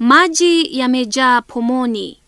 Maji yamejaa pomoni.